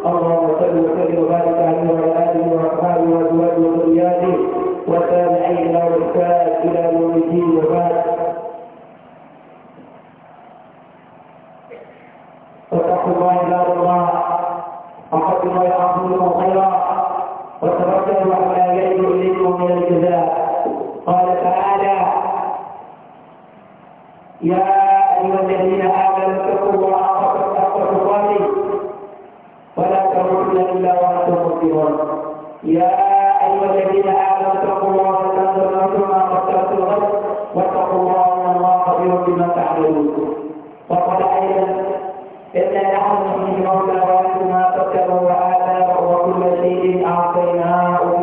اللهم صل وسلم وبارك عليه وعلى اله واصحابه وازواجه وذرياته والتابعين له احسان الى يوم الدين وبعد فاتقوا الله عباد الله وقد ما يعظمكم خيرا وتوكلوا على يد اليكم من الجزاء قال تعالى يا ايها الذين امنوا إلا وأنتم مسلمون يا أيها الذين آمنوا اتقوا الله وتنظر نفس ما قدمت لغد واتقوا الله إن الله خبير بما تعملون وقال أيضا إنا نحن نحيي الموتى ونحن ما قدموا وآثارهم وكل شيء أعطيناه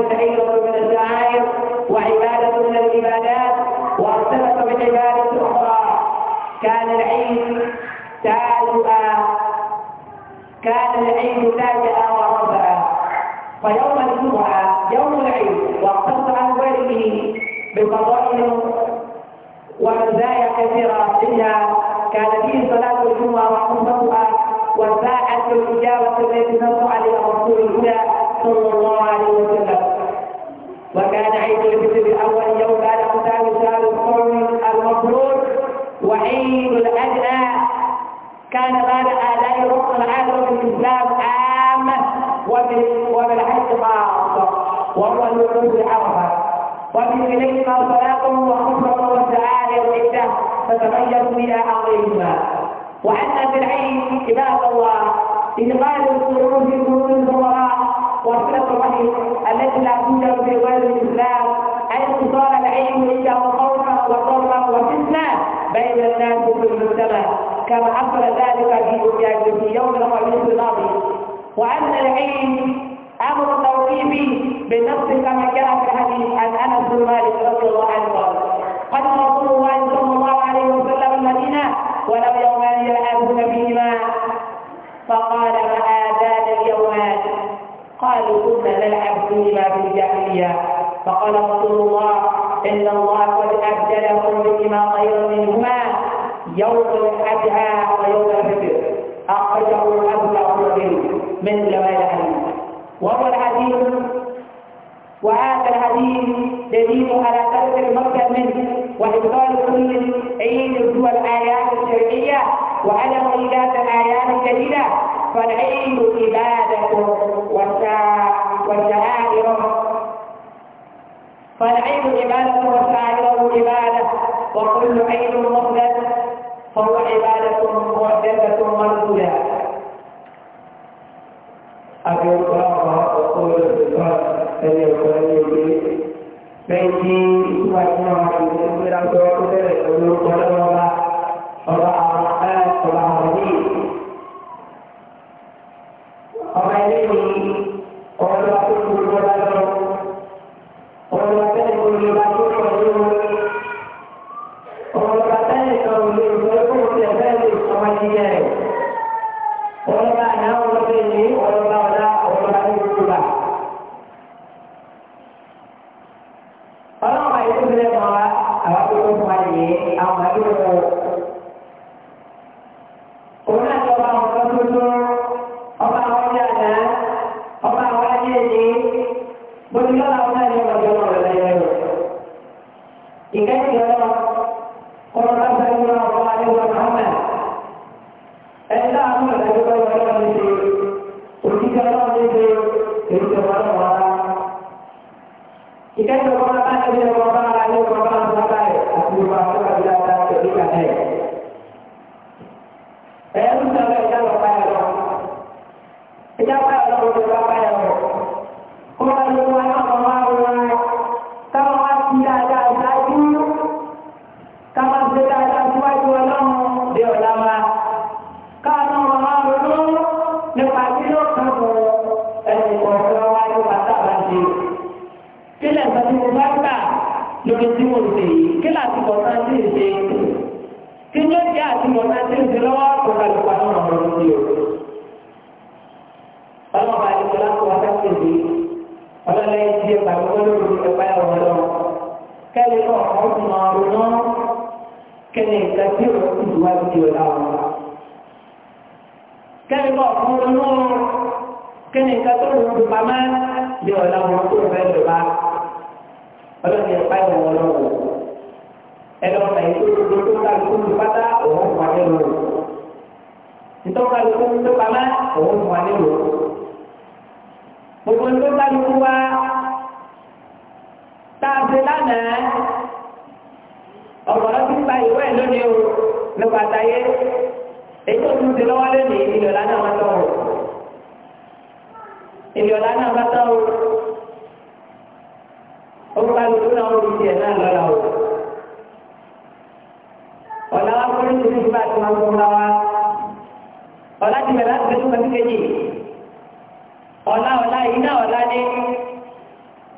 تحية من الشعائر وعبادة من العبادات وارتبط بعبادة أخرى كان العيد تاجئا كان العيد تاجئا وربا فيوم الجمعة يوم العيد واقتصر عن غيره بفضائل إليهما صلاته وكفره وتعالى وإبداه فتغيروا إلى عظيمها وأن في العين عباد الله إدخال القلوب في قلوب الفقراء وصلة الرحم التي لا توجد في غير الإسلام أن تصار العين إلا خوفا وضرا وفتنة بين الناس في المجتمع كما حصل ذلك في يوم الخميس الماضي وأن العين امر توحيدي بنفس كما جاء في حديث عن انس بن مالك رضي الله عنه قال قد رسول الله صلى الله عليه وسلم المدينه ولم يومان يلعبون بهما فقال ما آذان اليومان قالوا كنا نلعب بهما في الجاهليه فقال رسول الله ان الله قد ابدلكم بهما خيرا منهما يوم الاضحى ويوم الفطر اخرجه ابو داود من حديثه وهو الحديث وهذا الحديث دليل على ترك المرجع منه وإبطال كل عيد هو الآيات الشرعية وعدم إيجاد الآيات الجديدة فالعيد عبادة وشعائر فالعيد عبادة وشعائره عبادة وكل عيد مخلد فهو عبادة محدثة مردودة أبيض ẹ̀kọ́ ẹ̀yẹ ọ̀pọ̀ ẹ̀yẹ òde lẹ́yìn tí wà ní àwọn àgbègbè tó gbéra ń sọ ọ́ tó bẹ̀rẹ̀ pẹ̀lú ọlọ́wọ́ ọba ọba àwọn ọba àwọn ọdún wọn fúnra wa ọ̀la ti bẹ̀rẹ̀ láti tẹ̀síwọ̀n sí kejì ọ̀la ọ̀la yìí náà ọ̀la ní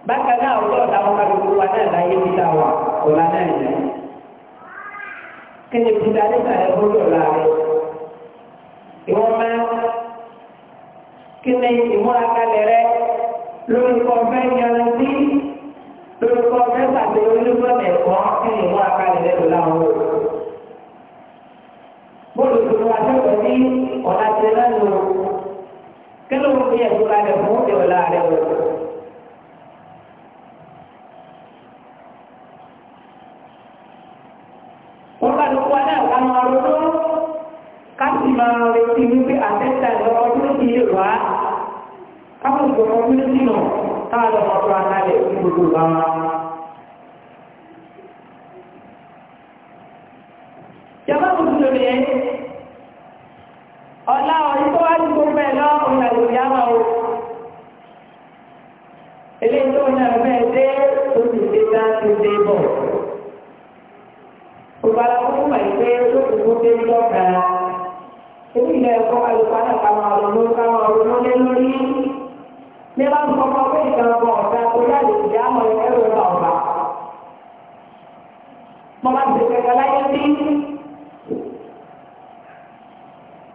bákan náà ọ̀la ọ̀la wọn ká gbogbo wa náà láyé ti ta wà ọ̀la náà yẹn kéde ti da ní sàlẹ̀ fúnra ọ̀la rẹ̀ ìwọ́n máa kíni ìmúra kalẹ̀ rẹ̀ lórí kọfẹ́ yanrantí lórí kọfẹ́ pàtẹ olúgbọ́n ẹ̀kọ́ kíni ìmúra kalẹ̀ rẹ̀ lọ́la wọn bọ́ọ̀lù tó wá sọ̀rọ̀ ní ọ̀la ti lẹ́nu kí ló ń fi ẹ̀sùn la rẹ̀ fún ìwọ̀la rẹ̀ wò. wọ́n bá ló wá náà ká máa ronú ká sì máa retí wípé àtẹ́tà ìlọ́wọ́ tó ti lè wá ká gbọ́dọ̀ ọdún sínú táwọn ọmọ tó wá kálẹ̀ ìgbòho bá wá. tó náà bẹ́ẹ̀ dé ó sì dé bá ti dé bọ̀. Òbára fún mọ̀ ìpé tó kù fún dé lọ́ka. Ebi ilẹ̀ ẹ̀kọ́ àlùkò àtàkà máa lọ ló ká máa ronú lé lórí. Ní bá ń kọ́kọ́ pé ìkan ọkọ̀ ọ̀gá tó jáde ìdí àmọ̀ ẹ̀rọ ọ̀gá. Mo máa ti kẹ̀kẹ́ láyé bí.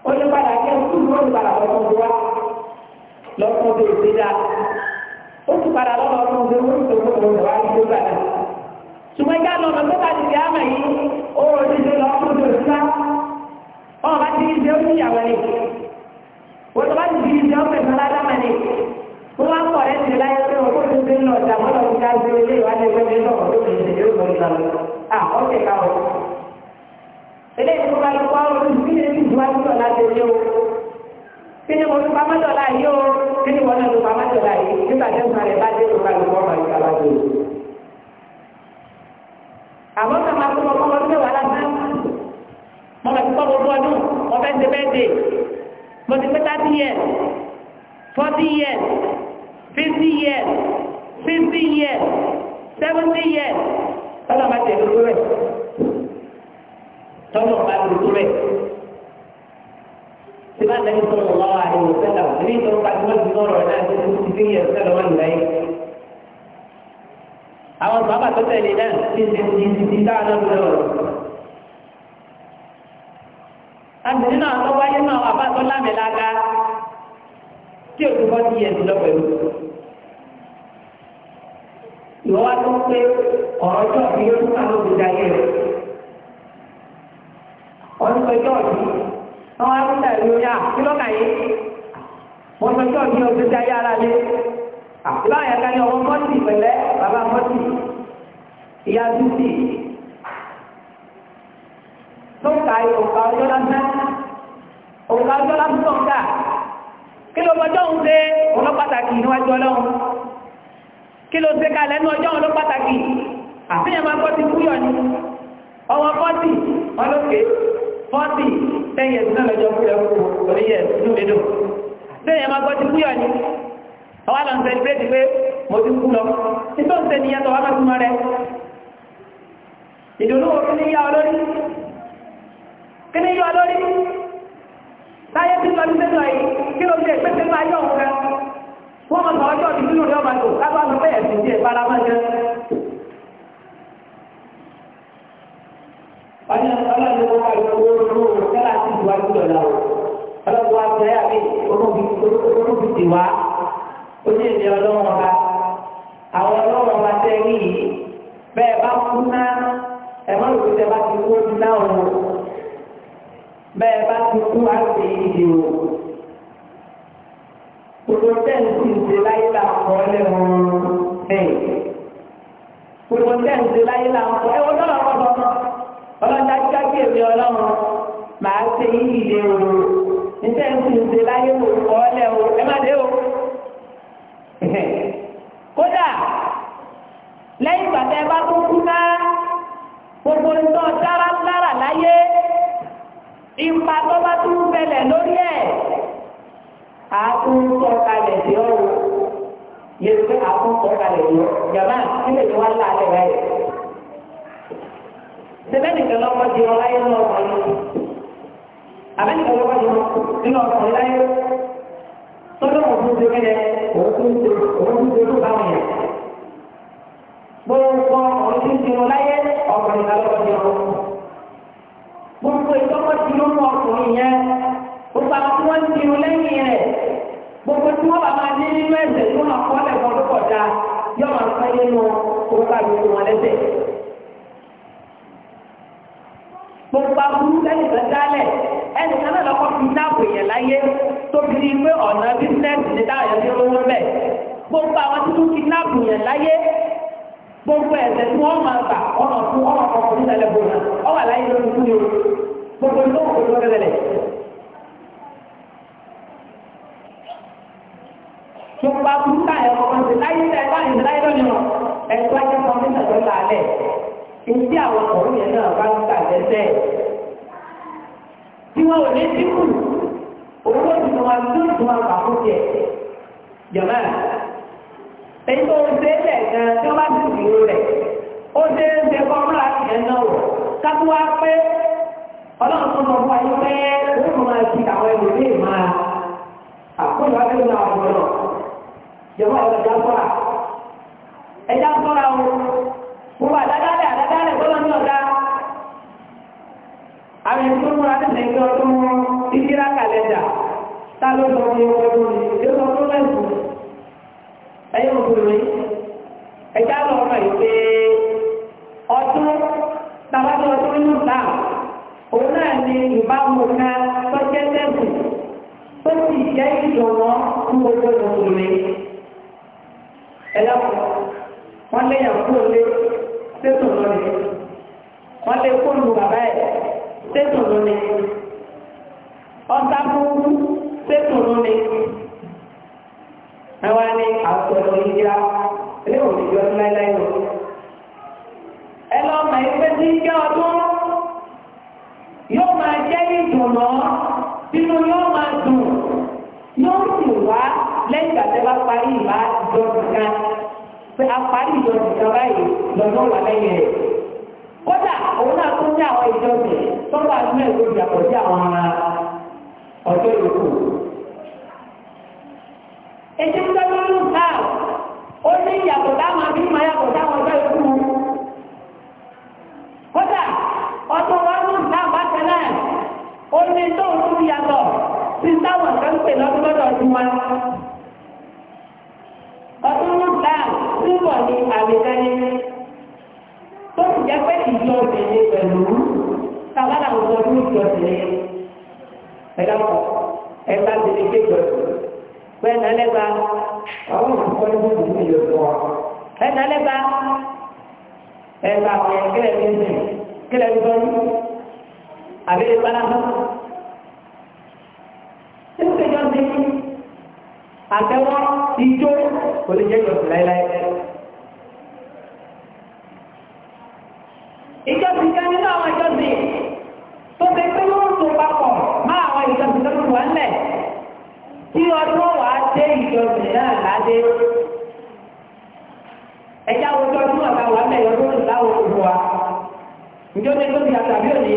Olùpadà kẹ́ ń kúrò olùpadà lọ́kọ̀ọ́ wa lọ́kọ̀ọ́ tó ìgbéga tún padà lọ́wọ́ ọdún ọdún ọdún tó kó tó wá ìjó padà. ṣùgbọ́n ìjà lọ ọ̀nà tó bá ti di àmà yìí ó rò ní ṣe lọ́wọ́ tó ti sá. ọ̀ bá ti di ṣe ó ní ìyàwó ni. wọ́n tó bá ti di ṣe ó fẹ̀sán ládàmà ni. wọ́n wá pọ̀ rẹ̀ ti láyé pé òkú tó ti ń lọ ọ̀dà mọ́tò ti ká ṣe ilé ìwádìí ẹgbẹ́ lọ́wọ́ tó ti ṣe yóò lọ ìlànà. à ọ́ kẹ̀kẹ́ àwọn. eléyìí tó bá lọ Kini ni wọn ló pamọ́ dọ̀la yìí o kí ni wọn náà ló pamọ́ dọ̀la yìí nígbà tí wọn rẹ̀ bá dé ló ká ló kọ́ ọmọ ìgbà wájú. àmọ́ ká máa tó ọmọ ọdún mẹ́wàá lásán mo kà ti kọ́ gbogbo ọdún mo fẹ́ ṣe bẹ́ẹ̀ dé mo ti pé thirty years forty years fifty years sixty years seventy years tọ́lọ́ bá tẹ̀lé lórí rẹ̀ tọ́lọ́ bá lórí rẹ̀. سمع النبي صلى الله عليه وسلم النبي صلى الله عليه وسلم دينار ولا تسكتي يسأل من لا àwọn sábà tó tẹ̀lé náà ti ti ti ti ti dáadáa lọ́wọ́ lọ́wọ́. àbìsí náà tó wáyé náà wà bá tó lámìlága tí o ti kọ́ ti yẹn ti lọ pẹ̀lú. ìwọ wá tó pé ọ̀rọ̀ tó fi yóò tún àwọn òbí dayé rẹ̀. wọ́n ti pẹ́ jọ́ọ̀dì àwọn akúta ìlú ní àkílọ́kà yìí wọ́n sọ tó ọdún ọdún jáyé ara lé àbáyà ká ní ọmọ mọ́tì pẹ̀lẹ́ bàbá mọ́tì ìyá dúdì tó ka òǹkà ọjọ́ lásán òǹkà ọjọ́ lásán tó ń kà kí ló mọjọ́ ń ṣe ọlọ́pàtàkì níwájú ọlọ́run kí ló ṣe kalẹ̀ ní ọjọ́ ọlọ́pàtàkì àfihàn máa kọ́ ti kúyọ̀ ni ọwọ́ kọ́ ọlọ́kẹ́ fọ́tì tẹ́yẹ̀ tí náà lọ́jọ́ kúrẹ́ kúrò oníyẹ̀ inú mi dùn tẹ́yẹ̀ máa gbọ́ ti ni ọwá lọ ń sẹ́ni pé ti pé mo ti kú lọ títọ́ ń sẹ́ni yẹn tó wá lọ́kùnmọ́ rẹ ìdùnnú wo ni yá ọ lórí kí ni yá ọ lórí láyé tí lọ sí sẹ́nu ń ṣe ìpèsè olùkùtì wá ojú èdè ọlọ́wọ́n ọba àwọn ọlọ́wọ́n ọba tẹ rí yìí bẹ́ẹ̀ bá kú ná ẹ̀mọ́ ìgbésẹ̀ bá ti kú ojú náà wò bẹ́ẹ̀ bá ti kú àti ìdè wò gbogbo tẹ́ǹtì ìdè láyé là kọ́ lẹ́wọ̀n bẹ́ẹ̀ gbogbo tẹ́ǹtì láyé là kọ́ ẹ̀wọ̀n náà lọ́wọ́ ọlọ́dá jákèjì ọlọ́run màá ṣe yí ìdè wò ní tẹ́ǹtì láyé wò lẹ́yìn ìgbà tẹ́ bá tó kú ná gbogbo ìtọ́ dára lára láyé ipa tó bá tún bẹlẹ̀ lórí ẹ̀ àtúntọ́ kalẹ̀ sí ọ̀rọ̀ yẹ pé àtúntọ́ kalẹ̀ sí ọ̀rọ̀ jàmbá kílè ní wọ́n lálẹ́ rẹ̀. sẹ́mẹ́nìkan lọ́kọ́ di ọ láyé ní ọkùnrin àbẹ́nìkan lọ́kọ́ di ọ nínú ọkùnrin láyé tọ́jú ọ̀hún tó ti kẹ́lẹ̀ òun tó ṣe òun tó ń ṣe olúbàwọ̀n yẹn gbogbo ọdún dìrò láyé ọkùnrin náà lọ́wọ́ dìrò. gbogbo ìtọ́kọ̀ dìrò mọ ọkùnrin yẹn gbogbo àwọn tí wọ́n dìrò lẹ́yìn rẹ̀ gbogbo tí wọ́n bá máa ní nínú ẹ̀sẹ̀ tí wọ́n kọ́ lẹ́kọ̀ọ́ ló kọjá yóò máa fẹ́ nínú orúkọ àbíkú wọn lẹ́sẹ̀. gbogbo aburú lẹ́yìn tó dálẹ̀ ẹnì kan náà lọ́kọ́ fi dáàbò yẹn láyé tóbi ní pé ọ̀nà láyé gbogbo ẹ̀sẹ̀ tí wọ́n máa gbà ọ̀nà fún ọ̀nà ọkọ̀ ní ìtàlẹ̀ bò náà ọ wà láyé lórí fún yòó gbogbo ìlú òkú ló rẹlẹ̀. gbogbo àbúrú náà ẹ̀rọ kan ti láyé tẹ̀ báyìí ní láyé lónìí wọn ẹ̀sọ́ ajé kan ní ìtàlẹ̀ lálẹ́ èyí àwọn ọ̀rọ̀ yẹn náà bá ń tàlẹ́ sẹ́ tí wọ́n ò ní dínkù owó tí wọ́n máa ń tó èyí tó ń ṣe lẹ̀ gan tí wọ́n bá ti dìrò rẹ̀ ó ṣe ń ṣe kọ́ ọmọ láti yẹn náà wọ̀ kápú wá pé ọlọ́run tó lọ fún ayé pé ó mú máa ti àwọn ẹlòmíì máa àkóyọ abẹ́rẹ́ náà wọ̀ náà jọba ọ̀rọ̀ ẹja sọ́ra ẹja sọ́ra o gbogbo àdádálẹ̀ àdádálẹ̀ tó ní ọdún ọdún ìdíra ẹ̀yìn ọkùnrin ẹ̀já lọ ọmọ yìí pé ọdún tàbátí ọdún nínú náà òun náà ní ìbámu ká tọ́jẹ́ tẹ́bù tó sì jẹ́ ìdùnnú fún gbogbo ọkùnrin ẹ̀lọ́pọ̀ wọ́n léyàn kúrò lé tẹ́sán lónìí wọ́n lé kóòlù bàbá ẹ̀ tẹ́sán lónìí ọ̀sán fún tẹ́sán lónìí ẹwà ní àtọ̀rọ̀ ìjà ilé òmìnira ọdún láíláí o ẹ lọ mọ ẹgbẹ́ tí ń jẹ́ ọdún yóò máa jẹ́ ìdùnnà nínú yóò máa dùn yóò sì wá lẹ́yìn ìgbàdé bá parí ìbá ìjọsìn kan pé a parí ìjọsìn kan báyìí lọ́dún wà lẹ́yìn rẹ̀ kódà òun náà tún ní àwọn ìjọsìn tó wà nínú ẹ̀kọ́ ìjàpọ̀ sí àwọn ọjọ́ ìlú ètí ń tẹ́lú ní náà ó ní ìyàtọ̀ táwọn àbí máa yàtọ̀ táwọn ọjọ́ ikú kódà ọdún wọn ní náà bákan náà ó ní tó ń tún yàtọ̀ sí táwọn kan pè lọ́dún lọ́dọ̀ ọdún wa ọdún ní náà túbọ̀ ní àmì kan ní tó sì jẹ́ pé ìjọ òbèrè pẹ̀lú tàbá làwọn ọdún ìjọ òbèrè ẹ̀dá ẹ̀dá ti lè ké pẹ̀lú bẹ́ẹ̀ náà lẹ́gba àwọn òṣìṣẹ́ ìwé ìlú ìlú ìlú bẹ́ẹ̀ náà lẹ́gba ẹ̀ka ọ̀yẹ̀ kílẹ̀ ní ìsìn kílẹ̀ ní sọ́ọ́nù àbí ẹ̀ka náà ṣé ìṣèjọ́ ti àtẹwọ́ ijó kò lè jẹ́ ìjọsìn láéláé. tí ọdún wà á dé ìjọsìn náà ládé ẹjẹ àwọn ọdún àgbà wà mẹ́rin ọdún ìláwọ̀ gbogbo wa ìjọ ní tóbi àtà bí òní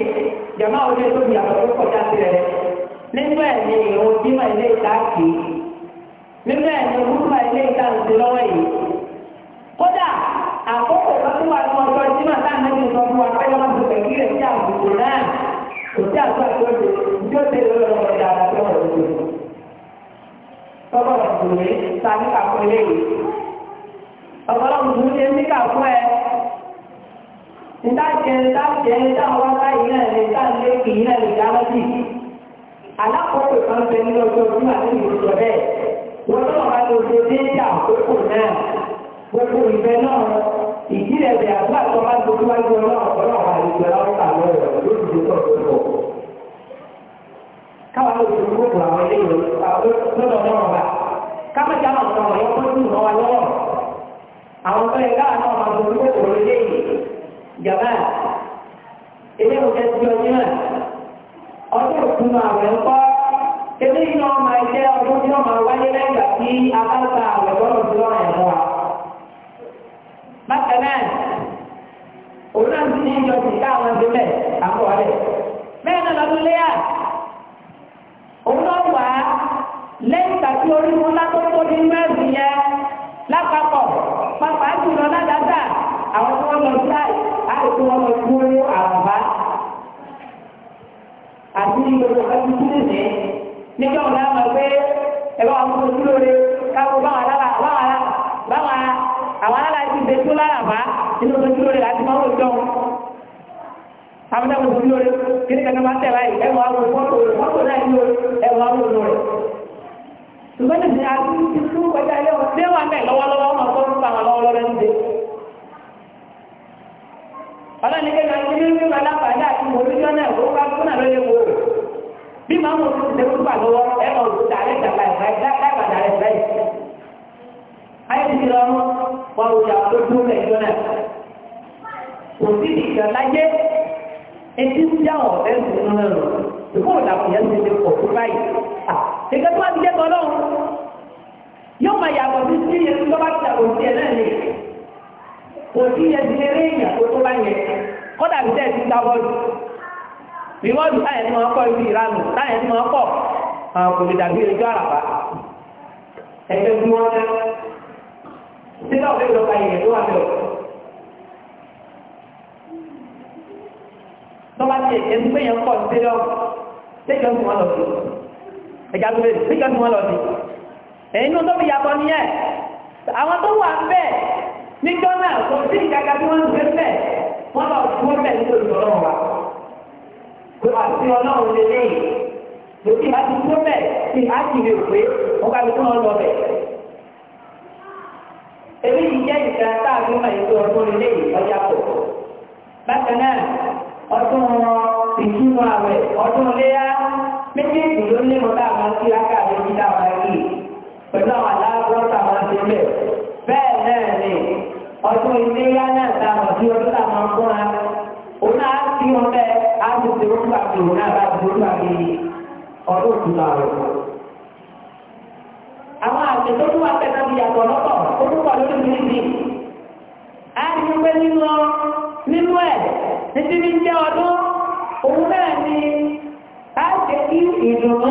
jàmá òní tóbi àtà tó kọjá sílẹ̀ rẹ̀ nínú ẹ̀ ní ìrún bímọ ilé ìta kì í nínú ẹ̀ ní orúkọ ilé ìta ń ti lọ́wọ́ yìí kódà àkókò kan tó wà ní ọjọ́ tí màtá nínú ìsọ fún wa pé wọ́n ti pẹ̀lú rẹ̀ sí àbùkù náà kò sí àtúntò àti ọ̀dọ̀ ìjọ́sìn lọ́wọ́ ọ̀dà àti ọ̀dọ̀ tọ́gbọ́n ọ̀gbọ̀nmí ta ní kàkọ́ eléyìí ọ̀pọ̀lọpọ̀ ní ní kàkọ́ ẹ nítàjẹ nítàjẹ nítàwọn wáta yìí náà lè ta lé kì í náà lè dá lọ́sì alákòókò kan bẹ nínú ọjọ́ tí màá ní ìlú sọ bẹ́ẹ̀ wọ́n tó wà lọ sí déédé àkókò náà gbogbo ìfẹ́ náà ìdílé tó bá gbogbo wájú káwọn ló fi kókò àwọn ilé ìwé lọ́dọ̀ náà wà káwọn jẹ́ àwọn ọ̀rọ̀ yẹn kó tún náà wà lọ́wọ́ àwọn tó yẹ káwọn náà máa gbòòrò kókò ilé yìí jàmbá ilé ìwé ti ọjọ́ náà ọdún òkúnu àwẹ̀ ń kọ́ ilé yìí náà máa jẹ́ ọdún tí wọ́n máa wáyé lẹ́yìn àti abáta àwẹ̀ bọ́lọ̀ tí wọ́n wa. bákan náà òun náà ti ní ìjọ òwúlọ́wà lẹ́yìn ìgbà tí orí wọn lákòókò nínú ẹ̀sìn yẹn lápapọ̀ pápá jùlọ àwọn tí wọ́n lọ sí àì àì tí lọ sí orí àti gbogbo ẹni tí nìyí nígbà wọn mọ̀ pé ẹ̀rọ àwọn ọmọ sí lóore káwọn báwọn alára báwọn alára báwọn alára ti dé àwọn ẹ̀wọ̀n sí lórí kí ní kankan máa tẹ̀ báyìí ẹ̀wọ̀n àwọn fọ́tò rẹ̀ fọ́tò náà ní lórí ẹ̀wọ̀n àwọn olùrẹ̀. ṣùgbọ́n ní ìsìn àti ti tú ọjà ilé wọn dé wà mẹ́ lọ́wọ́lọ́wọ́ wọn kọ́ nípa àwọn lọ́wọ́lọ́wọ́ ń dé. ọlọ́ni kéka ní ní ní alábàájá àti mòlújọ́ náà ó wá fún àlọ́ lé wo bí màá mọ̀ sí ti tẹ́kùbà lọ́wọ́ ẹ̀wọ̀n dàrẹ́ dàrẹ́ dàrẹ́ etí ń já ọ̀rẹ́ ìlú náà lọ ìfún ìdàpọ̀ yẹn ti lè pọ̀ tó báyìí ìgbà tó wà ti jẹ́ tọ́lọ́ yóò máa yàgò sí sí iye tó bá ti àgò sí ẹ náà lè kò sí iye ti lè rí èèyàn tó tó bá yẹ kódà bí sẹ́ẹ̀ ti ta bọ́ọ̀lù rìwọ́ọ̀dù táyẹ̀ tí wọ́n kọ́ ibi ìranù táyẹ̀ tí wọ́n kọ́ àwọn kò lè dàbí ẹjọ́ àràbà ẹgbẹ́ bí wọ́n tọ́ba ti ẹ̀jẹ̀ ń gbéyàn pọ̀ ní tẹ́lẹ̀ ọ̀hún tẹ́jọ́ ń wọ́n lọ sí ẹ̀já tó bẹ̀rẹ̀ tẹ́jọ́ ń wọ́n lọ sí ẹ̀yìn tó fi yàtọ̀ nìyẹn àwọn tó wà bẹ́ẹ̀ níjọ́ náà kò sí ìkàkà tí wọ́n ń gbé bẹ́ẹ̀ wọ́n lọ sí wọ́n bẹ́ẹ̀ nítorí ọlọ́run wa pé àti ọlọ́run lè lè lòdì láti tó bẹ́ẹ̀ sí àjìlè òwe wọ́n bá tó wọn lọ èmi yìí jẹ́ ìgbà táàbí máa ń ọdún lè lè ọjà pọ̀ bákan náà ọdún ìtumọ̀ àwẹ̀ ọdún léyà méjèèjì ló ní mọ́tà máa ń kíláka àti títà máa kì í pẹ̀lú àwọn aláàbọ̀tà máa ti bẹ̀. bẹ́ẹ̀ náà ni ọdún iléyà náà ta mọ̀ sí ọdún tá máa ń fún wa òun náà ti wọn bẹ́ẹ̀ á ti ṣe wọn gbà pé òun náà bá ti wọn gbà pé ọdún ìtumọ̀ àwẹ̀. àwọn àti tó tún wá pẹ̀lú àbíyàtọ̀ lọ́tọ̀ orúkọ lórí nínú ẹ̀ títí ní jẹ́ ọdún òun náà ni a jẹ́ kí ìdùnnú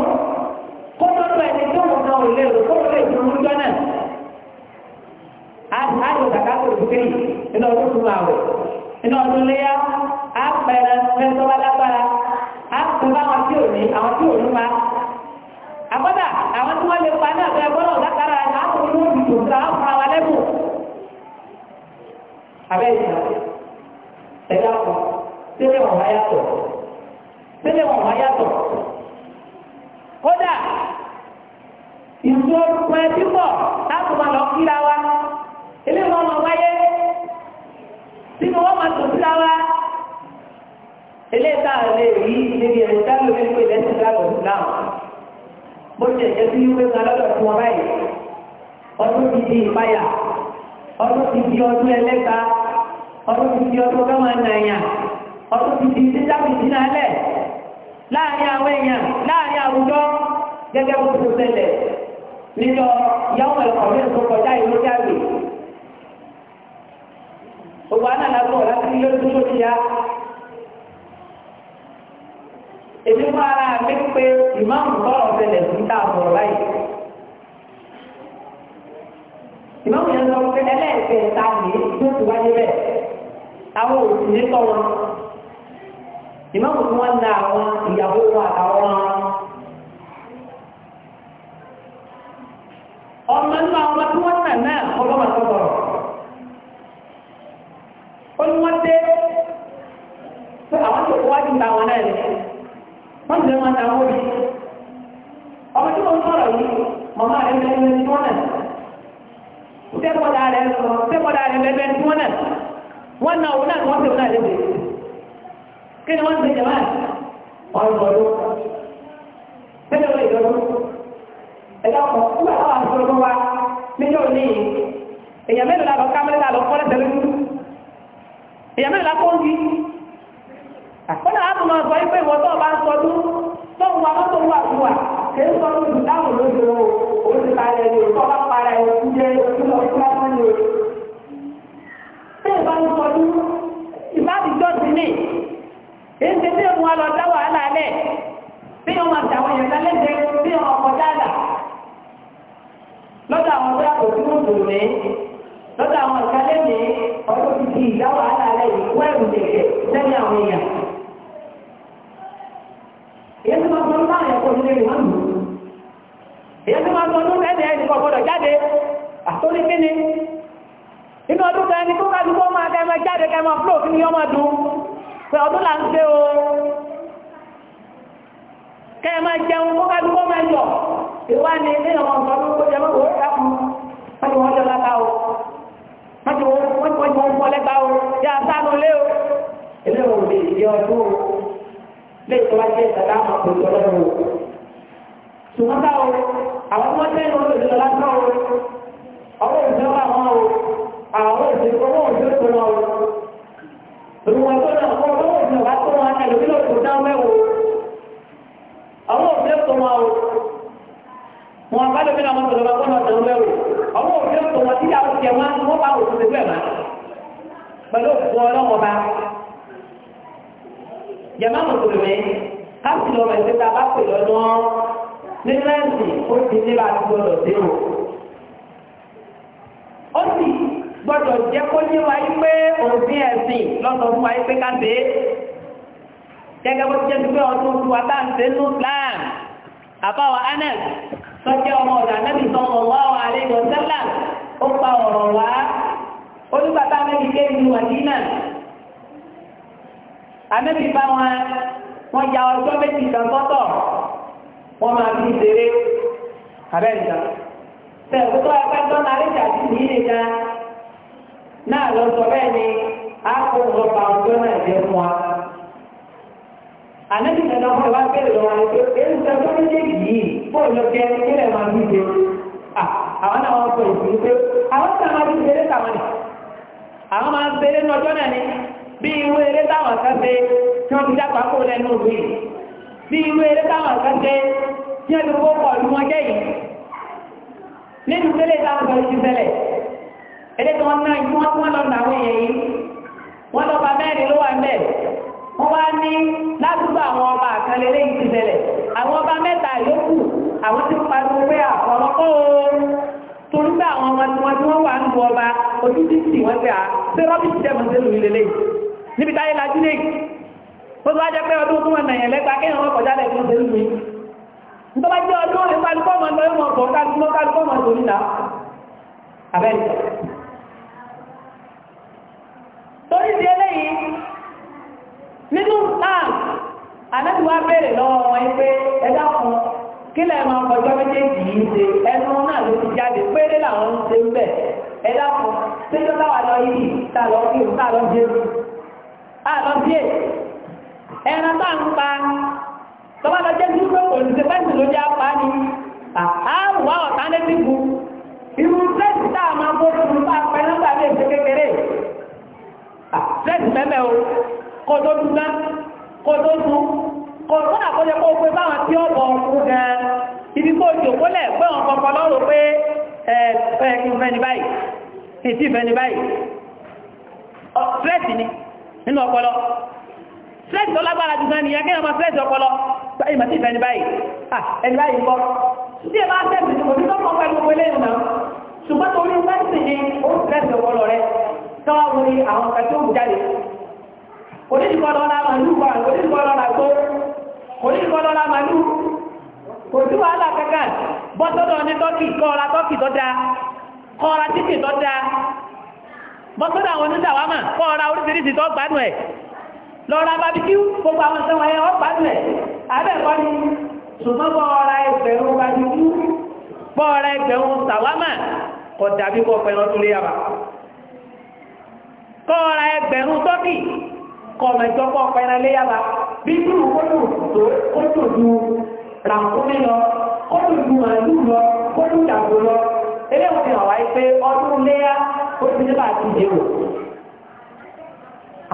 kó tọ́tọ́ ẹni tó wọn náà lè rò kó lè dùn ún jọ náà a yóò kàkà kó lè kéyì nínú ọdún tó máa wẹ̀ nínú ọdún léyà a pẹ̀lẹ́ fẹ́tọ́ bá lágbára a kò bá wọn tí ò ní àwọn tí ò ní ma àkọ́dà àwọn tí wọ́n lè pa náà fẹ́ gbọ́dọ̀ látara àwọn tó ń mú ìdùnnú àwọn fúnra wa lẹ́bùn ẹ̀dá kan sílẹ̀ wọn wá yàtọ̀ sílẹ̀ wọn wá yàtọ̀ kódà ìṣó pẹ́ pípọ̀ láti máa lọ kíra wa ilé wọn máa wáyé sínú wọn máa tó kíra wa eléyìí tá a lè rí níbi ẹ̀rọ dábìlì pé pé lẹ́sìn dábìlì islam bó ṣe jẹ́ sí wípé kan lọ́dọ̀ tí wọ́n báyìí ọdún ti di ìpayà ọdún ti di ọdún ẹlẹ́ta ọdún ti fi ọdún ká máa nà èèyàn ọdún ti fi títà fi sí nálẹ̀ láàrin àwọn èèyàn láàrin àwùjọ gẹ́gẹ́ bó ti ṣẹlẹ̀ níjọ ìyàwó ẹ̀kọ́ rẹ̀ tó kọjá ìlú jáde òwò ànàlágbọ̀ láti ilé tó tó ti ìmọ̀mù yẹn sọ pé ẹlẹ́ẹ̀kẹta yìí tó ti wáyé rẹ̀ àwọn òsìlẹ̀ tọ́ wọn ìmọ̀mù tí wọ́n na àwọn ìyàwó wọn àtàwọn ọmọ nínú àwọn ọmọ tí wọ́n nà náà ọlọ́mọ tó bọ̀rọ̀ ó ní wọ́n dé pé àwọn tó wájú ta wọn náà ni wọ́n ti lè wọn ta wọn ọmọ tí wọ́n sọ̀rọ̀ yìí màmá rẹ̀ ń ní wọ́n wọ́n na òun náà wọ́n tẹ̀ náà léde kí ni wọ́n ti jẹ̀ máa ọ̀rọ̀ ọ̀dọ́ tẹ́lẹ̀ wọ́n ìdọ́dọ́ ẹ̀dá ọkọ̀ nígbà táwọn àtúntò wa nínú òní èèyàn mélòó la lọ kámẹ́lẹ́ la lọ fọ́lẹ́ tẹ̀lé mú èèyàn mélòó la kó ń di àkọ́nà àbùn máa sọ pé ìwọ tó o bá ń sọ dún tó ń wa mọ́tò wà fún wa kì í sọ lóṣù dáhùn lóṣù o ò ti parẹ́ ni o tó o bá parẹ́ o ti jẹ́ o ti lọ sí ní èsì tí mo wà lọ dá wàhálà lẹ̀ tí wọ́n máa tàwọn èèyàn lálẹ́sẹ̀ tí wọ́n kọ dáadáa lọ́dọ̀ àwọn tó yàtọ̀ tí wọ́n dùn mí lọ́dọ̀ àwọn mi ọdún ẹ̀rù lẹ́yìn àwọn èèyàn. tí wọ́n wọ́n lù tí wọ́n gbọ́dọ̀ jáde kíni inú ọdún kan ẹni tó kájú kó máa kẹ́ máa jáde kẹ́ máa pé ọdún là ń gbé o kẹ́ ẹ máa jẹun kó kájú kó máa yọ ìwá ni ní ọmọ nǹkan ló kó jẹun kó ká fún wọ́n ti wọ́n jọ lápá o wọ́n ti wọ́n ti wọ́n fọ́ lẹ́gbàá o yà á sánú lé o ilé wo lè di ọdún o lè tó wá jẹ́ ìtàlá àwọn àpòjọ lọ́wọ́ o ṣùgbọ́n ká o àwọn tó wọ́n tẹ́lẹ̀ wọ́n lọ lásán o ọwọ́ òṣèlú àwọn o àwọn òṣèlú owó tó lọ o ẹlòmí lọ kò dá mẹ́wò àwọn òfin tó máa wò wọn abájọ mi náà wọn tọ̀dọ̀ bá wọn náà dán mẹ́wò àwọn òfin tó wọn títí àwọn tiẹ̀ wọn wọn bá wò tó tẹ̀lé ẹ̀ma pẹ̀lú òkú ọlọ́wọ́ bá jẹ̀má mùsùlùmí káàkiri ọmọ ẹ̀sìn tá a bá pè lọ́dún ní lẹ́ǹsì ó ti ní bá a ti gbọdọ̀ dé o ó sì gbọdọ̀ jẹ́ kó yé wa pé òfin ẹ̀sìn lọ́sọ̀ fún wa pé ká dé gẹ́gẹ́ bó jẹ́ pé ọdún tí wà bá ń tẹ́ ní Islam àbáwà Anas sọ́jẹ́ ọmọ ọ̀dà nẹ́bí sọmọ wáwà àlejò sẹ́lá ó pa ọ̀rọ̀ wá onígbàtà nẹ́bí ké ní wàdínà ànẹ́bí bá wọn wọn ya ọjọ́ méjì kan sọ́tọ̀ wọn máa fi ṣeré abẹ́ ìjà tẹ̀wọ́ tó ẹgbẹ́ tó náà lè ṣàtì ní ilé ga náà lọ sọ bẹ́ẹ̀ ni a kò rọpa ọjọ́ náà jẹ́ fún wa ànábì kan náà wọ́n wá bẹ̀rẹ̀ lọ́wọ́ rẹ̀ pé èyí sọ tó méjèèjì yìí fóun lọ jẹ kílẹ̀ máa bí ṣe àwọn náà wọ́n sọ ìsìn pé àwọn náà máa bí ṣeré táwọn ni àwọn máa ń ṣeré ní ọjọ́ náà ni bí irú eré táwọn kan ṣe tí wọ́n fi dápá kó lẹ́nu òbí bí irú eré táwọn kan ṣe tí wọ́n fi kó pọ̀ lù wọn jẹ́ yìí nínú tẹ́lẹ̀ táwọn sọ ìṣẹ̀lẹ̀ ẹ̀dẹ́gbọ́n wọ́n wá ní ládùúgbò àwọn ọba àkànlẹ̀ lẹ́yìn ti bẹ̀rẹ̀ àwọn ọba mẹ́ta yòókù àwọn ti pariwo pé àfọlọ́kọ́ torí pé àwọn ọmọ tiwọn tí wọ́n wà ń lu ọba ojú ti sì wọ́n ti à pé rọ́bì ti jẹ́ mọ̀tẹ́lù ilẹ̀ lẹ́yìn níbi táyé lajú lẹ́yìn ó tó wá jẹ́ pé ọdún tó wọn nàyàn lẹ́gbàá kéèyàn wọ́n kọjá lẹ́yìn mọ̀tẹ́lù mi nítorí jẹ́ ọdún òní kálukọ́ mọ̀ lọ́yọ́ mọ̀ bọ̀ kálukọ́ kálukọ́ mọ̀ lórí náà abẹ́rẹ́ torí ti eléyìí nínú náà ànábì wá béèrè lọ́wọ́ wọn pé ẹ̀dá kan kí lẹ́ẹ̀ máa kọjọ́ méjèèjì yìí ṣe ẹnu náà ló ti jáde péré làwọn ń ṣe ń bẹ̀ ẹ̀dá kan tẹ́jọ́ táwa lọ yìí tá lọ kí n tá lọ jẹ́ á lọ bí è ẹran tá ń pa tọ́wọ́ lọ jẹ́ bí pé òṣìṣẹ́ fẹ́ǹsì ló jẹ́ apá ni àárùwá ọ̀tá létí bu irú fẹ́ǹsì tá a máa bó fún bá pẹ́ nọ́mbà lè ṣe kékeré fẹ́ǹsì mẹ́mẹ́ o kọjọ́ dúdá kọjọ́ dún kọjọ́ àkọ́jẹ́ kó pé báwọn tí ó bọ̀ ọkùn gan ibi kó jòkólẹ̀ pé wọn kọ̀kọ́ lọ́rọ̀ pé ẹ̀ẹ́kùnfẹ́ni báyìí ìtì ìfẹ́ni báyìí stress ni nínú ọpọlọ stress tó lágbára jù náà nìyàn kí ọmọ stress ọpọlọ báyìí màtí ìfẹ́ni báyìí ah ẹni báyìí ń bọ́ tí ẹ bá stress ní kò ní tó kọ́ pẹ̀lú owó lẹ́yìn náà ṣùgbọ́n torí stress ni ó stress ọpọlọ rẹ tọ́wọ́ wọlé àwọn kàtí ó jáde kò ní ìkọ́ lọ́la màlúù wà kò ní ìkọ́ lọ́la tó kò ní ìkọ́ lọ́la màlúù kò sí wàhálà kankan bọ́sọ́dọ̀ ní tọ́kì kọ́ra tọ́kì tó dáa kọ́ra títì tó dáa bọ́sọ́dọ̀ àwọn oníṣàwámà kọ́ra oríṣiríṣi tó gbádùn ẹ̀ lọ́ra bábíkíú gbogbo àwọn ìṣẹ́wọ̀n ẹ̀ ọ́ gbádùn ẹ̀ abẹ́ẹ̀kọ́ ni ṣùgbọ́n bọ́ọ̀ra ẹgbẹ̀rún bábíkíú bọ́ọ̀ra ẹgbẹ̀rún sàwámà kọ̀ dàbí kọ́ pẹ̀lú ọdún léyàwó kọ́ra ẹgbẹ̀rún tọ́kì kọmọ ìjọpọ̀ pẹ̀rẹ̀ léyàbá bí dúró kódò tó kódò ju ràǹkúnmí lọ kódò ju màálù lọ kódò jàgbó lọ eléwò fi hàn wáyé pé ọdún léyà ó ti ní bá a ti dé wò.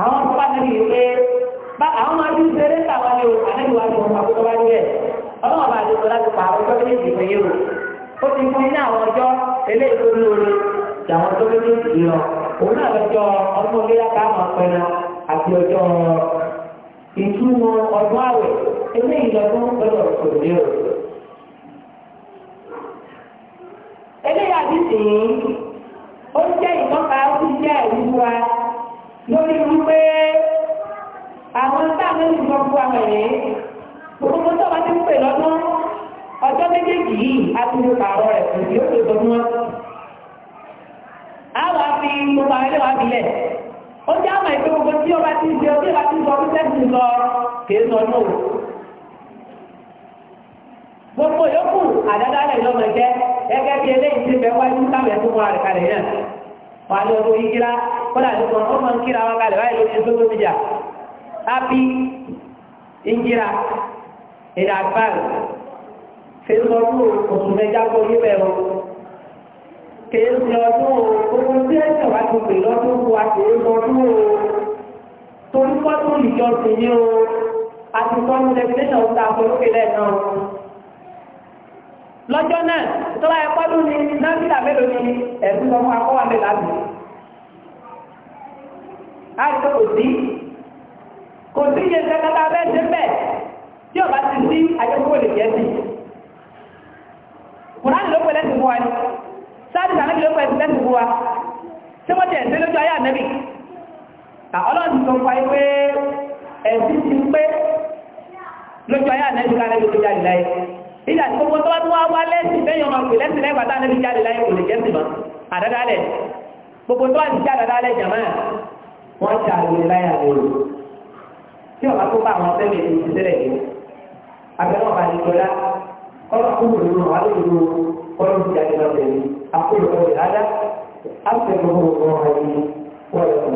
àwọn tó bá ti rí i pé bá àwọn máa ti ṣeré táwọn ni o àlejò wa ti wọn àkókò bá rí ẹ ọlọ́wọ́ bá a lè sọ láti pa àwọn ọjọ́ méjì fún yé wò ó ti fún iná àwọn ọjọ́ eléyìí tó lóore làwọn tó lóore lọ òun náà àti ọjọ́ ìtumọ̀ ọdún àwẹ̀ eléyìí lọ́dún lọ́dọ̀ kò ní o. eléyìí àdìsí yìí ó jẹ́ ìtọ́ka ó jẹ́ ìlú lórí wípé àwọn táwọn ènìyàn sọ fún àwọn ẹ̀yẹ gbogbo tó wá ti ń pè lọ́dún ọjọ́ méjèèjì yìí á pààrọ̀ rẹ̀ kò sí ó lè dọ́dún wọn. àwọn afi gbogbo àwọn ẹlẹ́wàá fi ó jẹ́ àmà ìpé gbogbo tí ọba ti ṣe ọdún ìbá ti sọ ọdún sẹ́sìn lọ kìí sọ náà gbogbo yòókù àdádálẹ̀ lọ́mọ jẹ́ gẹ́gẹ́ bí eléyìí ti bẹ̀ wáyé sábẹ̀ tó mọ àrẹ̀ kalẹ̀ yẹn wà ní ọdún yìí kíra kódà ní kan ó máa ń kíra wọn kalẹ̀ báyìí lóṣù tó tóbi jà ápí ìjìra ìdá àgbáyé fẹ́sọ̀rọ̀ oṣù mẹ́já kó yí bẹ̀rù kìí sọ ọdún òkú ìjọsìn ní o àti kọ́nù definition ta àforókè lẹ́ẹ̀kan o. lọ́jọ́ náà tó bá yẹ pọ́dún ní náfìlà mélòó ni ẹ̀sùn sọ fún akọ́wà mi láti. a rí pé kò sí kò sí iye kẹkẹta bẹ́ẹ̀ ṣe bẹ́ẹ̀ tí ọba ti sí ayélujára lè jẹ́ sí. kùnà ló pẹ̀lẹ́ ti fún wa ni sáà ti sàn ọlọ́run tó fa ewé ẹ̀sìn ti pé lójú ayé àná ìdúrà lẹ́yìn tó jáde láyé ìdá tí gbogbo tó bá tó wá wá lẹ́sìn bẹ́ẹ̀ yọmọ pè lẹ́sìn lẹ́gbà tá àná ìjáde láyé kò lè jẹ́ sí mọ́ àdáda lẹ̀ gbogbo tó wá ti jáde àdáda lẹ̀ jàmá wọ́n ti àlùyẹ láyé àlùyẹ tí ọba tó bá àwọn sẹ́mi ti ti tẹ́lẹ̀ yìí abẹ́rẹ́ ọba ní gbọ́dá kọ́lá kúrò nínú wà lóyún kọ́lá ti jáde lọ́sẹ̀ yìí àkúrò ọ̀rẹ́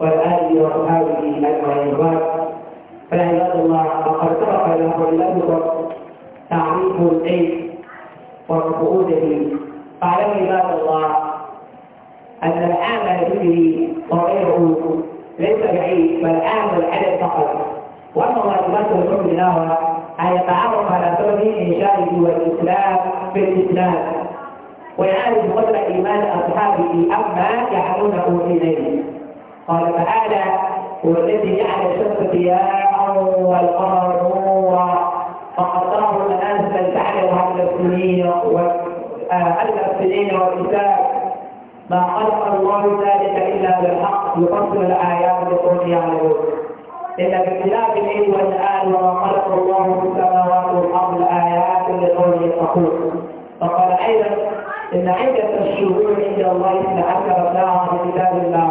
والآله وأصحابه أجمعين بعد فعباد الله وقد سبق له لكم تعريف العلم ومفقوده فاعلموا عباد الله أن العمل به وغيره ليس بعيد بل عام العدد فقط وأما واجبات الحكم لها أن يتعرف على سبب إنشائه والإسلام في الإسلام ويعرف قدر إيمان أصحابه أما يحمونه إليه قال تعالى هو الذي جعل الشمس ضياء والقمر نورا فقدره الناس من تعلم عدد السنين آه، السنين والكتاب ما خلق الله ذلك الا بالحق يفصل الايات لقوم يعلمون ان باختلاف العلم والان وما خلق الله في السماوات والارض لايات لقوم يتقون فقال ايضا ان عده الشهور عند الله اثنا عشر ساعه في كتاب الله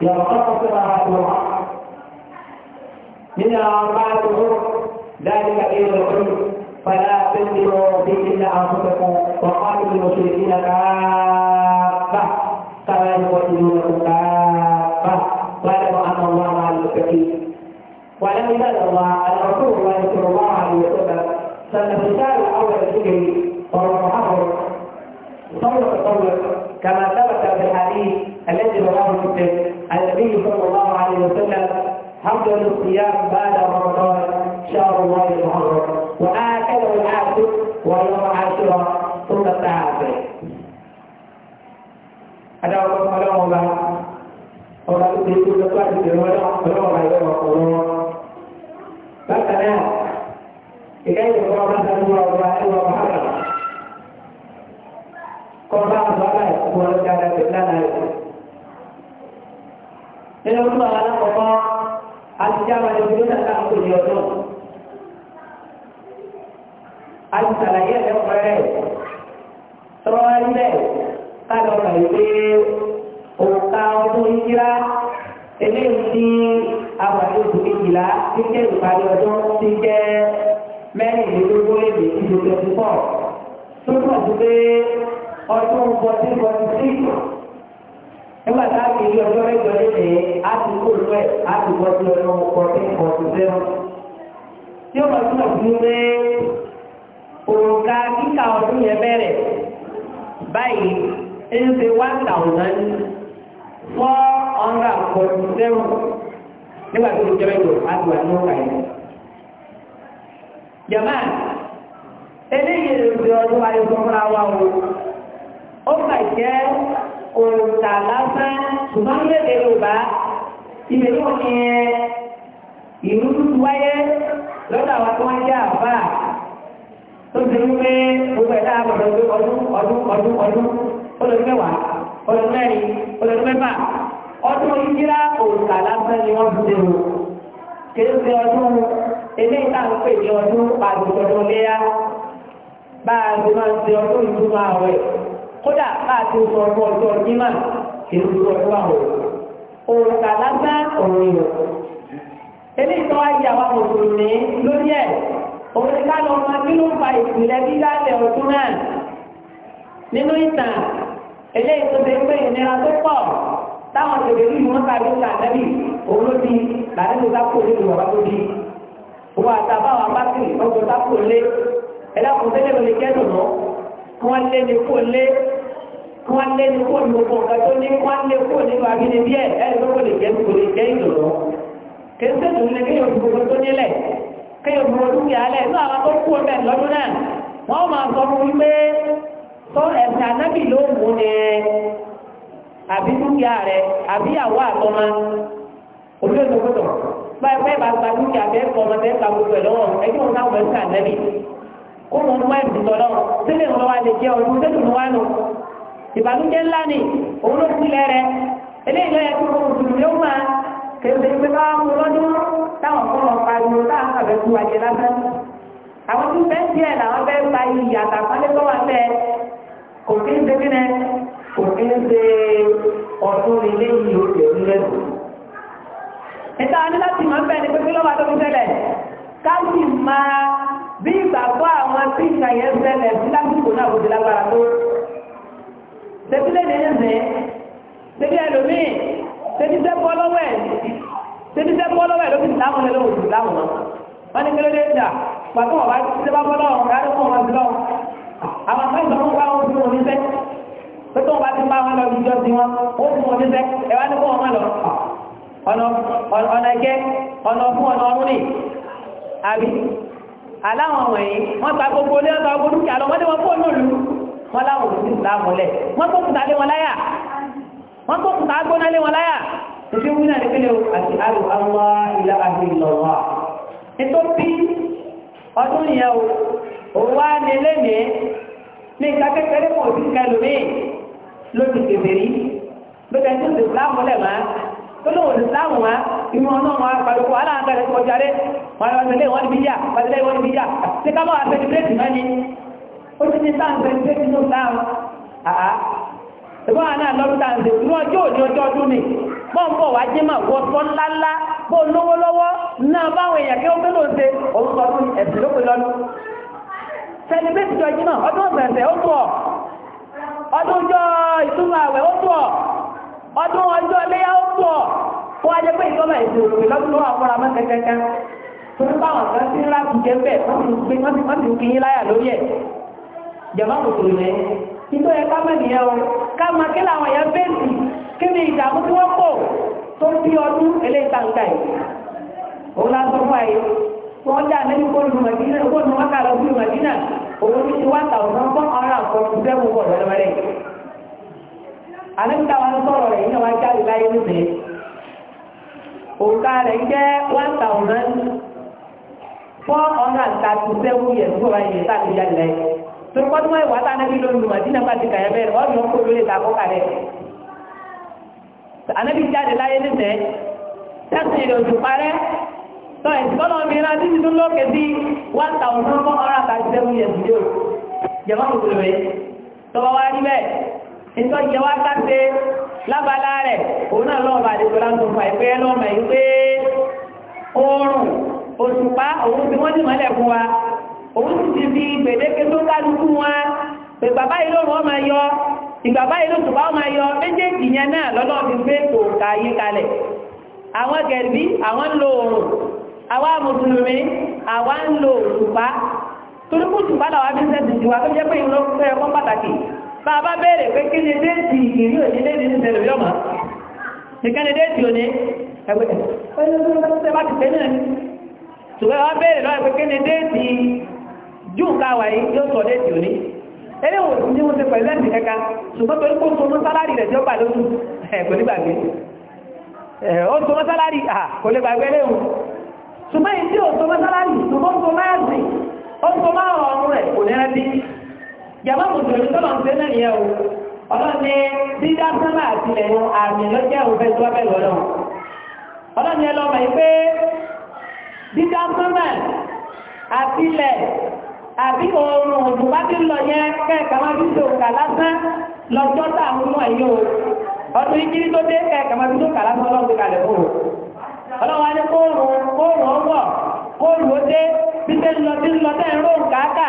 yang terkutuklah Allah. Minalamah turut dari kakil berkut. Pada pintiru bikinlah angkutaku. Wakatul musyrikinah kabah. Salah buat ilmu berkutabah. Pada ma'am Allah ma'alul kaki. Wala minal Allah. Al-Rasulullah Yusuf Allah. Sallallahu alaihi wa sallam. Sallallahu alaihi wa sallam. nínú ọdún àwọn alákọ̀ọ́kọ́ àti àbálẹ̀ ìlú náà kò ní ọdún. a ti sàlàyé ẹ̀rẹ́ pẹ́rẹ́ tọ́wọ́ ilẹ̀ káàdọ̀ ọ̀rọ̀ ìgbé òǹkà ọdún ìkírá eléyìí tí àbálẹ̀ oṣù kejìlá ti jẹ́ ìparí ọdún ti jẹ́ mẹ́rìnlélógún èdè ìdòdó ẹ̀dúnkọ̀ tó pọ̀ ju pé ọdún bọ́tí bọ́tí sí nígbà tá a fi ilé ọjọ́ mẹ́jọ léde á ti kó lọ ẹ̀ á ti bọ́ sí ọjọ́ ọkọ̀ ní ọ̀sùn sẹ́wọ̀n. tí ó bá túnbọ̀ fún pé òrùka kíkà ọdún yẹn bẹ̀rẹ̀ báyìí ń ṣe one thousand four hundred and forty seven nígbà tó jẹ́ mẹ́jọ á ti wà ní ọkà yẹn. jama eléyìí ló ń ṣe ọdún wáyé sọ́kúnra wa o ó kà jẹ́ òǹkà lásán ṣùgbọ́n ní èdè yorùbá ibẹ̀ yóò ní ẹ ìlú tuntun wáyé lọ́dọ̀ àwọn tó wọ́n jẹ́ àbá tó ti rí pé gbogbo ẹ̀dá àbọ̀dọ̀ pé ọdún ọdún ọdún ọdún ọdún mẹ́wàá ọdún mẹ́rin ọdún mẹ́fà ọdún ìjírá òǹkà lásán ni wọ́n ti rò kìí ṣe ọdún eléyìí tá à ọdún àdùnkọ̀dún léyà bá a ti máa ń ọdún ìtumọ̀ àwẹ̀ kódà káàtì sọ ọjọ́ ọjọ́ ìmá kì í dúró ẹ̀fọ́ àwọn òǹkà lásán òun ìwò. eléyìí tó wá yà wá mùsùlùmí lórí ẹ̀ òun ni ká lọ ọmọ kí ló ń fa ìpìlẹ̀ bí láti ọdún náà nínú ìtàn eléyìí tó ṣe pé ìnira tó pọ̀ táwọn tòbí ìlú wọn tàbí ìlú àtẹ́bí òun ló di làdé tó sápò nínú ọ̀rá tó di òun àtàbáwọn abátì ọgbọ̀n sápò lé ẹ̀dá kò tẹ́lẹ̀ ló lè jẹ́ dùnú wọ́n lé ní kó lé wọ́n lé ní kó ló kó nǹkan tó ní wọ́n lé kó ní wà bí ní bí ẹ̀ ẹ̀ ló kó lè jẹ́ kó lè jẹ́ ìdòdó kèsè tó lé kéèyàn fi gbogbo tó nílẹ̀ kéèyàn fi gbogbo dúkìá lẹ̀ ní àwọn tó kú ọbẹ̀ lọ́dún náà wọ́n máa sọ fún wípé tó ẹ̀sìn anábì ló mú ni àbí dúkìá rẹ̀ àbí àwọ̀ àtọ́mọ òbí òṣogbo tó báyìí pé bá gba dúkìá bẹ́ẹ̀ kọ́ ọmọ bẹ́ẹ̀ gba gbogbo ẹ̀ lọ́wọ́ ẹjọ́ òun náà wọ̀ ẹ̀sìn anábì kó mo mú ẹ̀sìn tọ̀dọ̀ sílẹ̀ ìwọ̀n wa lè jẹ́ ọdún tẹ́tù ní wa nù ìbànújẹ́ ńlá ni òun ló sílẹ̀ rẹ eléyìí lọ́yẹ kí mo tù ní ó máa kéde pé bá mo lọ́dún táwọn kọ́ lọ pariwo táwọn kàbẹ́ tu àjẹ lásán àwọn tí bẹ́ẹ̀ díẹ̀ làwọn bẹ́ẹ̀ gba iyì àtàkọ́lé tó wà fẹ́ kò kí ń ṣe kí ni kò kí ń ṣe ọdún ilé yìí ó lè ní lẹ́nu. ìta ní láti máa ń bẹ́ẹ̀ ni pé kí lọ́wọ́ àtọ́kùn tẹ́lẹ̀ ká sì bí ìgbàgbọ́ àwọn tí ìgbà yẹn ṣẹlẹ̀ sí lásìkò náà kò sí lágbára tó tẹ́tílẹ̀ ní ẹ̀sẹ̀ tẹ́tí ẹlòmíì tẹ́tí sẹ́kọ́ lọ́wọ́ ẹ̀ tẹ́tí sẹ́kọ́ lọ́wọ́ ẹ̀ ló fi láwọn ẹ̀ lọ́wọ́ sí láwọn wọn ní kílódé ń jà pàtó wọn bá ti sẹ́kọ́ lọ́wọ́ kárí fún wọn sí lọ́wọ́ àwọn akẹ́kọ̀ọ́ ló ń bá wọn fún wọn níṣẹ́ pé tó wọn bá ti bá wọn lọ ìjọ sí wọn ó fún wọn níṣẹ́ ẹ wá ní kó wọn má lọ ọ̀nà ẹ̀kẹ́ ọ̀nà fún ọ̀nà ọ̀run ní àbí aláwọn wọ̀nyí wọ́n ta gbogbo lé ọ̀tọ̀ ọgbọ́n dúkìá lọ wọ́n dé wọn fóònù òlu wọn láwọn òfin ìlà mọ́lẹ̀ wọ́n kó kùtà lé wọn láyà wọ́n kó kùtà gbóná lé wọn láyà ètò ìwé náà nípínlẹ̀ àti àrò àwọn ilá àti ìlọ̀wọ́ ètò bí ọdún yẹn o òun wá ní lẹ́nìí ní ìka kékeré kò sí kẹlòmíì lóbi kèfèrí lóbi ẹni tó ti máa tó lóun ní sáàmù wá inú ọlọ́run wá pàdókò aláàgbẹ̀rẹ̀ kọjá rẹ̀ wọ́n lọ sílé wọ́n níbi yà pàdílé wọ́n níbi yà tí ká ni ó ti ní sáàmù sẹ́lẹ̀bẹ̀tì ló sáàmù àá ìbọn àná lọ́dúnta ń dèrú ọjọ́ òní ọdún ni bọ́n bọ̀ wá jẹ́ máa wọ́ sọ ńláńlá bó lówó lọ́wọ́ náà báwọn èèyàn kí ó fẹ́ lóun ṣe òun sọ fún ẹ̀sìn lópin lọ́dún sẹ́lẹ̀bẹ̀tì jọ ọ̀sẹ̀ ọ̀sẹ̀ ó tó ọ̀ ọdún jọ ìtumọ̀ àwẹ̀ ó tó ọ̀ ọdún ọjọ́ iléyà ó pọ̀ kó wájẹ́ pé ìjọba ètò òkè lọ́dún tó wà fúnra mọ́ kẹ́kẹ́kẹ́ tó ń bá wọn kan sí ńlá kù jẹ́ bẹ́ẹ̀ wọ́n ti gbé wọ́n ti wọ́n ti fi yín láyà lórí ẹ̀ jẹ̀má kò tó lẹ́ nígbà yẹn ká mẹ́rin yẹn o ká máa kí làwọn yẹn bẹ́ẹ̀sì kí ni ìdààmú tí wọ́n pọ̀ tó fi ọdún eléyìí tàǹkà yìí òun lásán fún àyè wọ́n dá lẹ́yìn kóòlù mọ̀dínà kóòlù mọ́kà lọ sí mọ̀dínà òun ti wá tàwọn fún ọ̀rọ̀ àkọ́kù sẹ́wọ̀n bọ̀ lọ́wọ́lẹ́ àníkà wọn sọ̀rọ̀ rẹ̀ yíyàn wá jáde láyé nìyẹn òǹkà rẹ̀ jẹ́ one thousand four hundred thirty seven years fún ọ̀rọ̀ yìí sáà ti jáde láyé torí pọ́n tí wọ́n wá sáà nábì lónìí màdí náà bá ti kàyà bẹ́ẹ̀ wọ́n yọ kó lórí ìtàkọ́ kàrẹ́ ànábì jáde láyé nìyẹn tẹ́sí ìrìn òjò parẹ́ tọ́ ìsìkọ́lọ́ mìíràn títí tó lókè sí one thousand four hundred thirty seven years yóò jẹ́ mọ́ nǹkan jẹ wá sáṣe lábala rẹ̀ òun náà lọ́wọ́ bá àdéjọ láńtò fà ìpẹ́ lọ́mọ yìí pé oòrùn òṣùpá òun fi wọ́n dìmọ́lẹ̀ fún wa òun sì ti fi gbèdéke tó kálukú wa pé bàbá yìí lóòrùn ọmọ yọ ìgbàbá yìí lóòrùn ọmọ yọ méjèèjì yẹn náà lọ́lọ́ fi gbé tòòkà yí kalẹ̀ àwọn gẹ̀rbí àwọn ń lo oòrùn àwa mùsùlùmí àwa ń lo òṣùpá torí kùsùpá làwọn fi ń sẹ́sì tó jẹ́ pé ìlú ọkọ̀ pàtàkì bàbá bẹ̀rẹ̀ pé kí ni déètì ìrìn òní léde ní ìṣẹ̀lẹ̀ yọ́mà ìkẹ́ni déètì òní ẹgbẹ́ ṣùgbọ́n wọ́n bẹ̀rẹ̀ lọ́wọ́ pé kí ni déètì jùn káwà yìí yóò sọ déètì òní ẹlẹ́ wò ní wọ́n ti pẹ̀lú ẹ̀sìn kẹka ṣùgbọ́n torí kó sọmọ sálárì rẹ̀ tí ó bà lóṣù ẹ̀ kò ní gbàgbé ó sọmọ sálárì à kò lè gbàgbé léwu ṣùgbọ́n ìdí ò sọmọ sálárì ṣùgbọ́n sọmọ ẹ̀sìn ó sọmọ ọ̀run rẹ̀ jàmbá mùsùlùmí tó lọ́n ṣe náà nìyẹn o ọlọ́ni dídá sánmà àtìlẹ̀ ohun àmì lọ́jẹ́ òfẹ́ tó wábẹ̀ lọ́nà ọlọ́ni ẹ lọ́mọ yìí pé dídá sánmà àtìlẹ̀ àbí oòrùn òdùn bá ti lọ yẹn kẹ́ẹ̀kà máa fi ṣòkà lásán lọ́jọ́ tá à ń mú ẹ̀yìn o ọdún ìkírí tó dé kẹ́ẹ̀kà máa fi ṣòkà lásán lọ́jọ́ kalẹ̀ o ọlọ́wọ́ adé kóòrùn kóòrùn ọwọ́ kóòrùn ó dé bí tẹ́ lọ bí lọ tẹ́ ń rò káàkà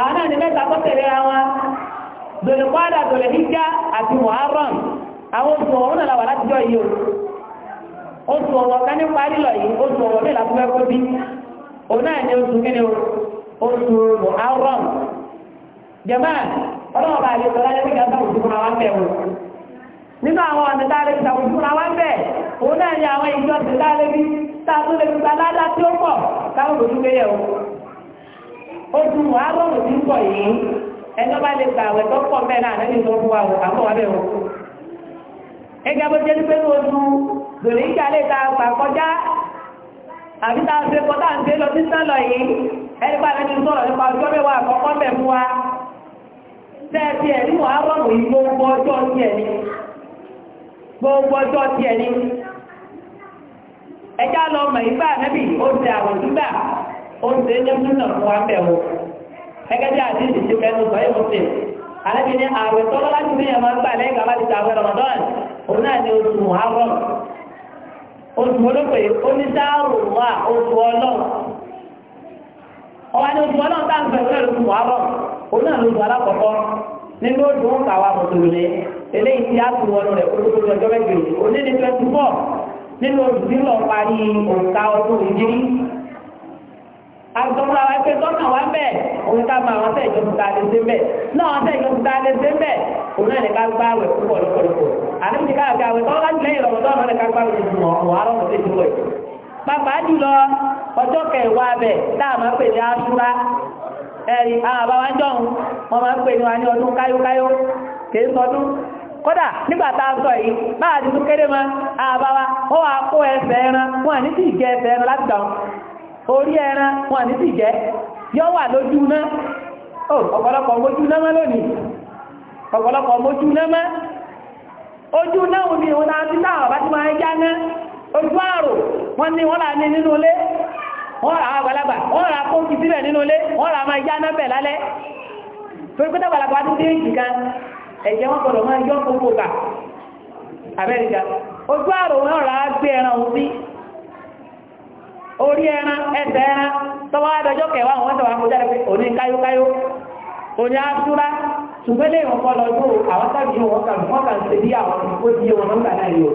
àwọn náà ni mẹ́ta tó tẹ̀lé ra wọn dòlùkọ́dà dòlùhíjà àti muharram àwọn oṣù ọ̀wọ́ náà wà látijọ́ yìí o oṣù ọ̀wọ́ ká ní parí lọ yìí oṣù ọ̀wọ́ mi làkúfẹ́ kó bí òun náà ni oṣù kí ni o oṣù muharram jẹ̀mọ́ ọlọ́wọ́ bá àlejò láyé pé gàdá òṣù fúnra wa bẹ̀ wò nínú àwọn ọ̀nà tá a lè fi ṣàkóso fúnra wa bẹ̀ òun náà ni àwọn ìjọ oṣù muhammed ti ń ihe yìí ẹjọ́ bá lè gbà tó pọ̀ bẹ́ẹ̀ náà lẹ́yìn tó fún wa o àbọ̀ wá bẹ́ẹ̀ o. ẹgbẹ́ bó jẹ́ pé oṣù gbèrè ìjà lè ta kọjá àbí a ṣe kọ́ tá à ń ṣe lọ sí yìí ẹni bá lẹ́yìn sọ̀rọ̀ nípa ọjọ́ àkọ́kọ́ bẹ̀ fún wa. ẹ̀ ní yìí gbogbo ọjọ́ tiẹ̀ ni gbogbo ọjọ́ tiẹ̀ ni ẹjá oúnjẹ ń jẹ́ súnà fún wa bẹ̀rù gẹ́gẹ́ bí mẹ́nu nínú ń a tún wọnú rẹ̀ ọjọ́ òní nínú parí òǹkà ọdún ìdírí àgbọ̀nmọ́ àwọn ẹgbẹ́ tọ́nà wá bẹ̀ òun ká máa wọn sẹ́yìn lóṣù tá lè ṣe bẹ̀ náà wọn sẹ́yìn lóṣù tá lè ṣe bẹ̀ òun náà lè ká gbá àwẹ̀ púpọ̀ lọ́pọ̀lọpọ̀ àti ní káàkiri àwẹ̀ tọ́wọ́ láti lẹ́yìn lọ́wọ́ tọ́wọ́ náà lè ká gbá àwẹ̀ tuntun ọ̀hún àrọ́ ọ̀sẹ̀ ìdúró ẹ̀. pàpà jùlọ ọjọ́ kẹwàá bẹ̀ tá a máa pè ní asúra ẹ̀rí kódà nígbà tá a sọ yìí báà ti tún kéré mọ́ àbáwá ó wàá kó ẹsẹ̀ ẹran wọn à ní sì jẹ ẹsẹ̀ ẹran láti dàn orí ẹran wọn ní sì jẹ́ yọ́ wà lójú náà ọ̀pọ̀lọpọ̀ mójú náà mọ́ lónìí ọ̀pọ̀lọpọ̀ mójú náà mọ́ ojú náà ní ìwọ̀n náà ti láwọ̀ bá ti máa já náà ojú àrò wọ́n ni wọ́n rà nínú ilé wọ́n rà àgbàlagbà wọ́n rà kóòkì sílẹ̀ nínú orí ẹran ẹsẹ̀ ẹran tọ́wọ́ àdọ́jọ́ kẹwàá wọ́n tọ́wọ́ àkójá rẹ̀ pé òní káyókáyó òní àtúrá ṣùgbọ́n lè wọ́n kọ́ lọ tó àwọn tàbí wọn kà wọ́n kà ṣe bí àwọn ìkó di wọn nígbà náà yóò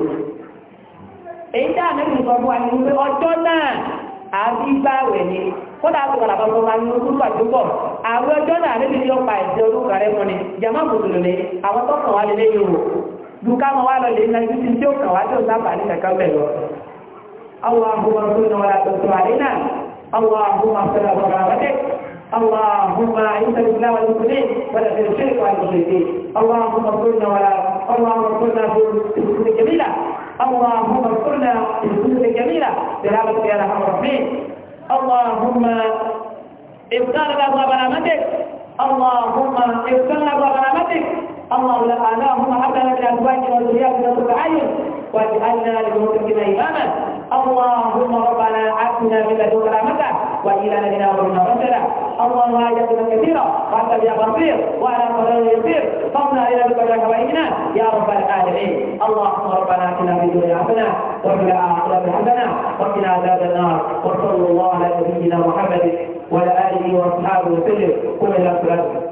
èyí tá àmì ìsọ fún ni wípé ọjọ́ náà àbí gbàwẹ̀ ni kódà tó kàlà bàbá wa ní oṣù pàjùbọ̀ àwọn ọjọ́ náà àbí ti ọpa ni àwọn tó kàn wá lé lẹ́yìn o dùkà wọn wá lọ lè ní ibi tí ó kàn wá اللهم ارزقنا ولا تنصر علينا اللهم اغفر بغرابتك اللهم اعز الاسلام والمسلمين ولا تنشرك والمشركين اللهم اذكرنا ولا اللهم اذكرنا في الكتب الجميله اللهم اذكرنا في الكتب الجميله برحمتك يا ارحم الراحمين اللهم اغفر لنا برحمتك اللهم اغفر لنا برحمتك اللهم لا اللهم حتى من ازواجنا وذرياتنا قرة اعين واجعلنا لبيوتنا إماما اللهم ربنا آتنا من لدنك رحمة وإلى لدينا أمرنا رشدا اللهم آياتنا كثيرا وأنت بها بصير وأنا قدر يسير فاصنع إلى بقدر حوائجنا يا رب العالمين اللهم ربنا آتنا في الدنيا حسنة وفي الآخرة حسنة وقنا عذاب النار وصلى الله على نبينا محمد وعلى آله وأصحابه وسلم كل إلى صلاتكم